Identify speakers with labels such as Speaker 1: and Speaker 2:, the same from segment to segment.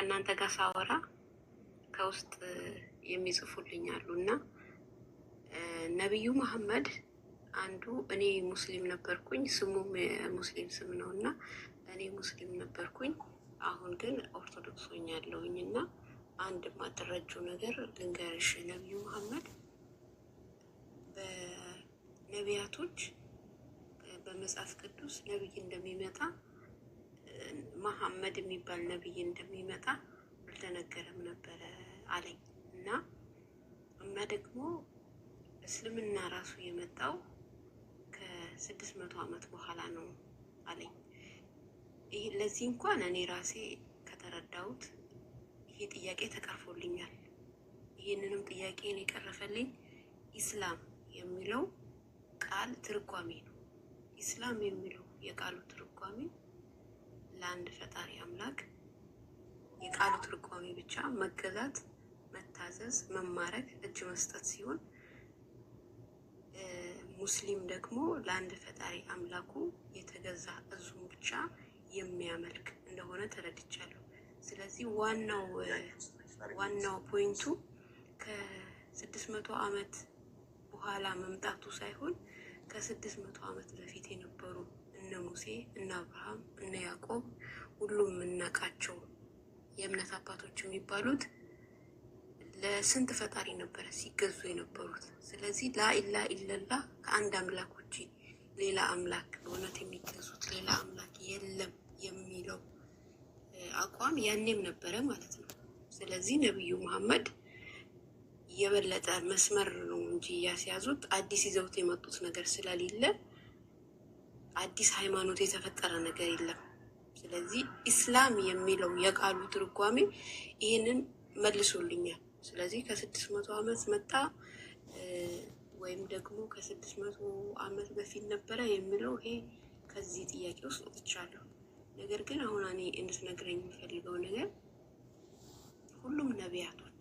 Speaker 1: ከእናንተ ጋር ሳወራ ከውስጥ የሚጽፉልኝ አሉ እና ነቢዩ መሐመድ አንዱ እኔ ሙስሊም ነበርኩኝ፣ ስሙም ሙስሊም ስም ነው እና እኔ ሙስሊም ነበርኩኝ፣ አሁን ግን ኦርቶዶክስ ሆኛለሁኝ እና አንድ የማትረጂው ነገር ልንገርሽ። ነቢዩ መሐመድ በነቢያቶች በመጽሐፍ ቅዱስ ነቢይ እንደሚመጣ መሐመድ የሚባል ነብይ እንደሚመጣ አልተነገረም ነበረ አለኝ እና እና ደግሞ እስልምና ራሱ የመጣው ከስድስት መቶ ዓመት በኋላ ነው አለኝ። ይህ ለዚህ እንኳን እኔ ራሴ ከተረዳሁት ይሄ ጥያቄ ተቀርፎልኛል። ይህንንም ጥያቄን የቀረፈልኝ ኢስላም የሚለው ቃል ትርጓሜ ነው። ኢስላም የሚለው የቃሉ ትርጓሜ ለአንድ ፈጣሪ አምላክ የቃሉ ትርጓሜ ብቻ መገዛት፣ መታዘዝ፣ መማረክ፣ እጅ መስጠት ሲሆን ሙስሊም ደግሞ ለአንድ ፈጣሪ አምላኩ የተገዛ እዙ ብቻ የሚያመልክ እንደሆነ ተረድቻለሁ። ስለዚህ ዋናው ዋናው ፖይንቱ ከስድስት መቶ ዓመት በኋላ መምጣቱ ሳይሆን ከስድስት መቶ ዓመት በፊት ነው። ሙሴ እና አብርሃም እና ያዕቆብ ሁሉም የምናውቃቸው የእምነት አባቶች የሚባሉት ለስንት ፈጣሪ ነበረ ሲገዙ የነበሩት? ስለዚህ ላኢላ ኢለላ ከአንድ አምላክ ውጪ ሌላ አምላክ በእውነት የሚገዙት ሌላ አምላክ የለም የሚለው አቋም ያኔም ነበረ ማለት ነው። ስለዚህ ነቢዩ መሐመድ የበለጠ መስመር ነው እንጂ እያስያዙት አዲስ ይዘውት የመጡት ነገር ስለሌለ አዲስ ሃይማኖት የተፈጠረ ነገር የለም። ስለዚህ ኢስላም የሚለው የቃሉ ትርጓሜ ይህንን መልሶልኛል። ስለዚህ ከስድስት መቶ ዓመት መጣ ወይም ደግሞ ከስድስት መቶ ዓመት በፊት ነበረ የሚለው ይሄ ከዚህ ጥያቄ ውስጥ ወጥቻለሁ። ነገር ግን አሁን እኔ እንድትነግረኝ የሚፈልገው ነገር ሁሉም ነቢያቶች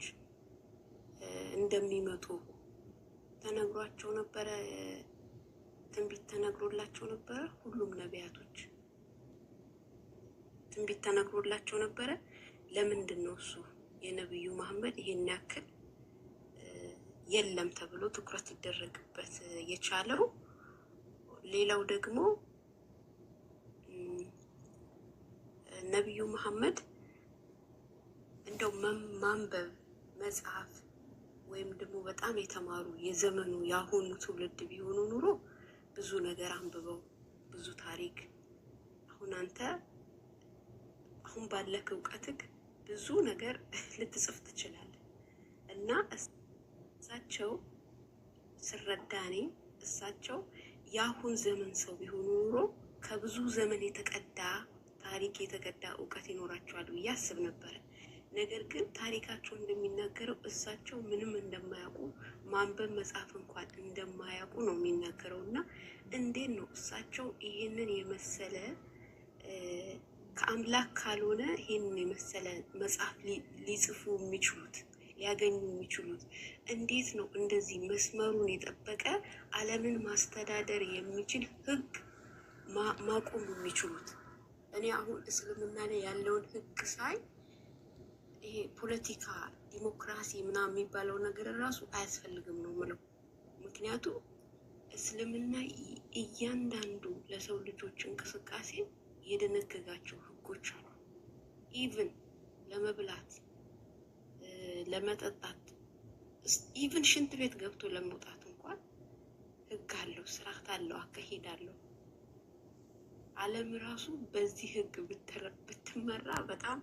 Speaker 1: እንደሚመጡ ተነግሯቸው ነበረ። ትንቢት ተነግሮላቸው ነበረ። ሁሉም ነቢያቶች ትንቢት ተነግሮላቸው ነበረ። ለምንድን ነው እሱ የነቢዩ መሐመድ ይሄን ያክል የለም ተብሎ ትኩረት ሊደረግበት የቻለው? ሌላው ደግሞ ነቢዩ መሐመድ እንደው ማንበብ መጽሐፍ ወይም ደግሞ በጣም የተማሩ የዘመኑ ያሁኑ ትውልድ ቢሆኑ ኑሮ ብዙ ነገር አንብበው ብዙ ታሪክ አሁን አንተ አሁን ባለክ እውቀትክ ብዙ ነገር ልትጽፍ ትችላለህ እና እሳቸው ስረዳኔ እሳቸው የአሁን ዘመን ሰው ቢሆኑ ኑሮ ከብዙ ዘመን የተቀዳ ታሪክ የተቀዳ እውቀት ይኖራቸዋል ብዬ አስብ ነበረ። ነገር ግን ታሪካቸው እንደሚናገረው እሳቸው ምንም እንደማያውቁ ማንበብ መጻፍ እንኳን እንደማያውቁ ነው የሚናገረው እና እንዴት ነው እሳቸው ይህንን የመሰለ ከአምላክ ካልሆነ ይህንን የመሰለ መጽሐፍ ሊጽፉ የሚችሉት ሊያገኙ የሚችሉት? እንዴት ነው እንደዚህ መስመሩን የጠበቀ ዓለምን ማስተዳደር የሚችል ህግ ማቆም የሚችሉት? እኔ አሁን እስልምና ላይ ያለውን ህግ ሳይ ይሄ ፖለቲካ ዲሞክራሲ ምናምን የሚባለው ነገር ራሱ አያስፈልግም ነው ምለው። ምክንያቱም እስልምና እያንዳንዱ ለሰው ልጆች እንቅስቃሴ የደነገጋቸው ህጎች አሉ። ኢቭን ለመብላት፣ ለመጠጣት፣ ኢቭን ሽንት ቤት ገብቶ ለመውጣት እንኳን ህግ አለው፣ ስርዓት አለው፣ አካሄድ አለው። ዓለም ራሱ በዚህ ህግ ብትመራ በጣም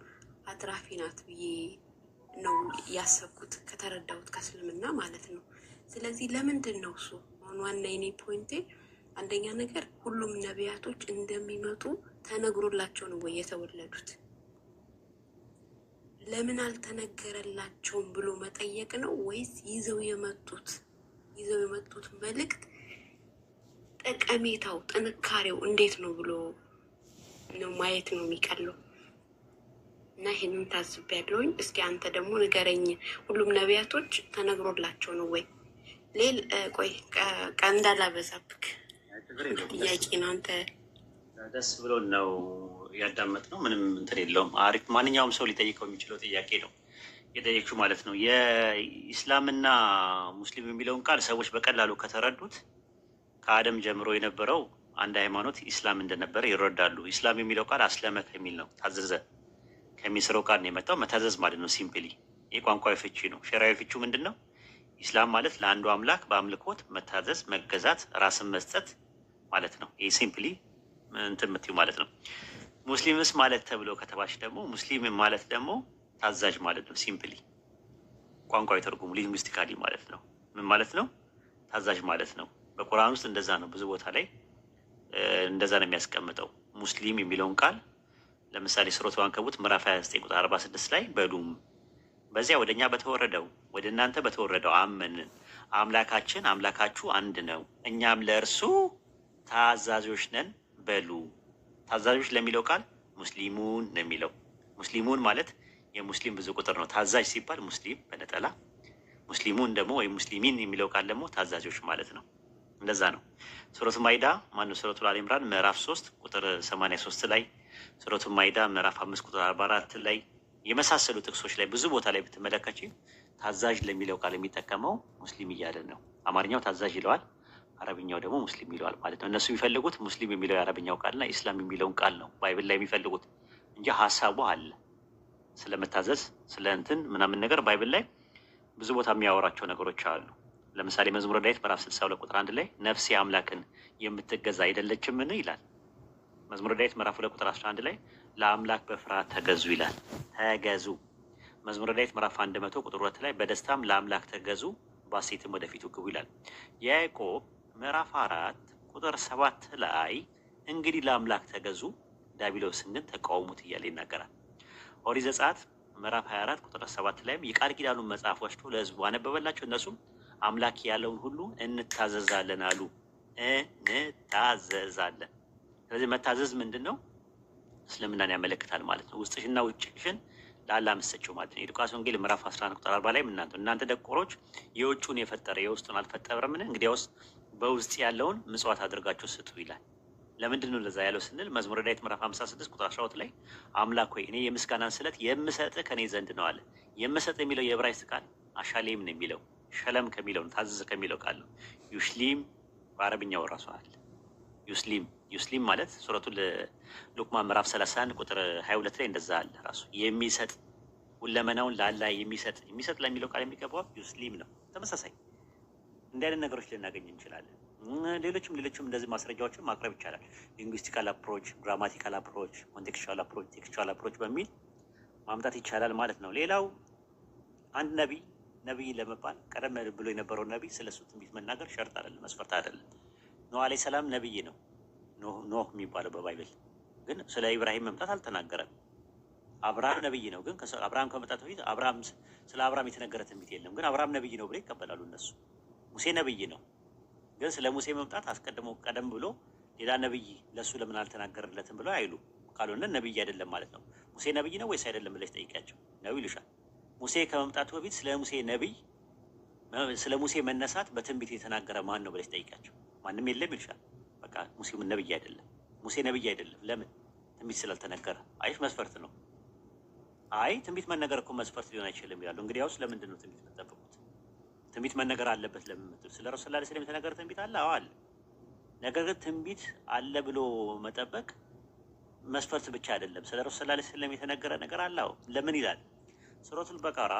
Speaker 1: አትራፊ ናት ብዬ ነው ያሰብኩት ከተረዳሁት ከእስልምና ማለት ነው። ስለዚህ ለምንድን ነው እሱ ዋና የኔ ፖይንቴ አንደኛ ነገር ሁሉም ነቢያቶች እንደሚመጡ ተነግሮላቸው ነው ወይ የተወለዱት? ለምን አልተነገረላቸውም ብሎ መጠየቅ ነው ወይስ ይዘው የመጡት ይዘው የመጡት መልእክት ጠቀሜታው፣ ጥንካሬው እንዴት ነው ብሎ ነው ማየት ነው የሚቀለው። እና ይህንን ታዝቤያለሁኝ። እስኪ አንተ ደግሞ ንገረኝ፣ ሁሉም ነቢያቶች ተነግሮላቸው ነው ወይ? ሌል ቆይ በዛብክ ጥያቄ ነው። አንተ
Speaker 2: ደስ ብሎን ነው ያዳመጥ ነው ምንም እንትን የለውም። አሪፍ ማንኛውም ሰው ሊጠይቀው የሚችለው ጥያቄ ነው የጠየቅሹ ማለት ነው። የኢስላምና ሙስሊም የሚለውን ቃል ሰዎች በቀላሉ ከተረዱት ከአደም ጀምሮ የነበረው አንድ ሃይማኖት ኢስላም እንደነበረ ይረዳሉ። ኢስላም የሚለው ቃል አስለመ ከሚል ነው ታዘዘ ከሚስረው ቃል ነው የመጣው መታዘዝ ማለት ነው። ሲምፕሊ የቋንቋዊ ፍቺ ነው። ሸራዊ ፍቺው ምንድን ነው? ኢስላም ማለት ለአንዱ አምላክ በአምልኮት መታዘዝ፣ መገዛት፣ ራስን መስጠት ማለት ነው። ይህ ሲምፕሊ እንትን የምትይው ማለት ነው። ሙስሊምስ ማለት ተብሎ ከተባች ደግሞ ሙስሊም ማለት ደግሞ ታዛዥ ማለት ነው። ሲምፕሊ ቋንቋዊ ተርጉሙ ሊንግስቲካሊ ማለት ነው። ምን ማለት ነው? ታዛዥ ማለት ነው። በቁርአን ውስጥ እንደዛ ነው። ብዙ ቦታ ላይ እንደዛ ነው የሚያስቀምጠው ሙስሊም የሚለውን ቃል ለምሳሌ ስሮት ባንከቡት ምዕራፍ 29 ቁጥር 46 ላይ በዱም በዚያ ወደ እኛ በተወረደው ወደ እናንተ በተወረደው አመንን። አምላካችን አምላካችሁ አንድ ነው፣ እኛም ለእርሱ ታዛዦች ነን በሉ። ታዛዦች ለሚለው ቃል ሙስሊሙን ነው የሚለው። ሙስሊሙን ማለት የሙስሊም ብዙ ቁጥር ነው። ታዛዥ ሲባል ሙስሊም በነጠላ ሙስሊሙን ደግሞ ወይም ሙስሊሚን የሚለው ቃል ደግሞ ታዛዦች ማለት ነው። እንደዛ ነው። ሱረቱ ማይዳ ማነው? ሱረቱ አልኢምራን ምዕራፍ ሶስት ቁጥር ሰማንያ ሶስት ላይ ሱረቱ ማይዳ ምዕራፍ አምስት ቁጥር አርባ አራት ላይ የመሳሰሉ ጥቅሶች ላይ ብዙ ቦታ ላይ ብትመለከች ታዛዥ ለሚለው ቃል የሚጠቀመው ሙስሊም እያለ ነው። አማርኛው ታዛዥ ይለዋል፣ አረብኛው ደግሞ ሙስሊም ይለዋል ማለት ነው። እነሱ የሚፈልጉት ሙስሊም የሚለው የአረብኛው ቃልና ኢስላም የሚለውን ቃል ነው ባይብል ላይ የሚፈልጉት እንጂ ሀሳቡ አለ። ስለመታዘዝ ስለ እንትን ምናምን ነገር ባይብል ላይ ብዙ ቦታ የሚያወራቸው ነገሮች አሉ። ለምሳሌ መዝሙረ ዳዊት ምዕራፍ ስልሳ ሁለት ቁጥር አንድ ላይ ነፍሴ አምላክን የምትገዛ አይደለችምን ይላል። መዝሙረ ዳዊት ምዕራፍ ሁለት ቁጥር አስራ አንድ ላይ ለአምላክ በፍርሃት ተገዙ ይላል። ተገዙ መዝሙረ ዳዊት ምዕራፍ አንድ መቶ ቁጥር ሁለት ላይ በደስታም ለአምላክ ተገዙ ባሴትም ወደፊቱ ግቡ ይላል። ያዕቆብ ምዕራፍ አራት ቁጥር ሰባት ላይ እንግዲህ ለአምላክ ተገዙ ዲያብሎስን ግን ተቃውሙት እያለ ይናገራል። ኦሪት ዘጸአት ምዕራፍ 24 ቁጥር 7 ላይም የቃል ኪዳኑን መጽሐፍ ወስዶ ለሕዝቡ አነበበላቸው። እነሱም አምላክ ያለውን ሁሉ እንታዘዛለን አሉ። እንታዘዛለን። ስለዚህ መታዘዝ ምንድን ነው? እስልምናን ያመለክታል ማለት ነው። ውስጥሽና ውጭሽን ለአላህ መሰቸው ማለት ነው። የሉቃስ ወንጌል ምዕራፍ 11 ቁጥር 40 ላይ እናንተ እናንተ ደቆሮች የውጭውን የፈጠረ የውስጡን አልፈጠረምን? እንግዲያውስ በውስጥ ያለውን ምጽዋት አድርጋችሁ ስጡ ይላል። ለምንድን ነው ለዛ ያለው ስንል መዝሙረ ዳዊት ምዕራፍ 56 ቁጥር 12 ላይ አምላክ ሆይ እኔ የምስጋናን ስለት የምሰጥ ከኔ ዘንድ ነው አለ። የምሰጥ የሚለው የዕብራይስጥ ቃል አሻሌም ነው የሚለው ሸለም ከሚለው ታዘዘ ከሚለው ቃል ነው። ዩሽሊም በአረብኛው ራሷል ዩስሊም ዩስሊም ማለት ሱረቱ ሉቅማን ምዕራፍ 31 ቁጥር 22 ላይ እንደዛ አለ። ራሱ የሚሰጥ ሁለመናውን ላላ የሚሰጥ የሚሰጥ ለሚለው ቃል የሚገባው ዩስሊም ነው። ተመሳሳይ እንዲህ አይነት ነገሮች ልናገኝ እንችላለን። ሌሎችም ሌሎችም እንደዚህ ማስረጃዎችን ማቅረብ ይቻላል። ሊንግዊስቲካል አፕሮች፣ ግራማቲካል አፕሮች፣ ኮንቴክስቹዋል አፕሮች፣ ቴክስቹዋል አፕሮች በሚል ማምጣት ይቻላል ማለት ነው። ሌላው አንድ ነቢይ ነቢይ ለመባል ቀደም ብሎ የነበረው ነቢይ ስለሱ ትንቢት መናገር ሸርጥ አይደለም፣ መስፈርት አይደለም። ኖህ አለይሂ ሰላም ነቢይ ነው። ኖህ የሚባለው በባይብል ግን ስለ ኢብራሂም መምጣት አልተናገረም። አብርሃም ነብይ ነው፣ ግን አብርሃም ከመምጣት በፊት አብርሃም ስለ አብርሃም የተነገረ ትንቢት የለም። ግን አብርሃም ነብይ ነው ብለው ይቀበላሉ እነሱ። ሙሴ ነብይ ነው፣ ግን ስለ ሙሴ መምጣት አስቀድሞ ቀደም ብሎ ሌላ ነብይ ለእሱ ለምን አልተናገረለትም ብሎ አይሉ። ካልሆነ ነብይ አይደለም ማለት ነው። ሙሴ ነብይ ነው ወይስ አይደለም ብለሽ ጠይቂያቸው ነው ይሉሻል። ሙሴ ከመምጣቱ በፊት ስለ ሙሴ ነብይ ስለ ሙሴ መነሳት በትንቢት የተናገረ ማን ነው ብለሽ ጠይቂያቸው። ማንም የለም ይሉሻል። በቃ ሙሴ ነብይ አይደለም፣ ሙሴ ነብይ አይደለም። ለምን? ትንቢት ስላልተነገረ። አይሽ መስፈርት ነው። አይ ትንቢት መነገር እኮ መስፈርት ሊሆን አይችልም ይላሉ። እንግዲህ ያውስ ለምንድን ነው ትንቢት የምጠብቁት? ትንቢት መነገር አለበት። ለምን? ስለ ረሱል ሰለላሁ ዐለይሂ ወሰለም የተነገረ ትንቢት አለ። አዎ አለ። ነገር ግን ትንቢት አለ ብሎ መጠበቅ መስፈርት ብቻ አይደለም። ስለ ረሱል ሰለላሁ ዐለይሂ ወሰለም የተነገረ ነገር አለ። አዎ ለምን ይላል? ሱረቱል በቀራ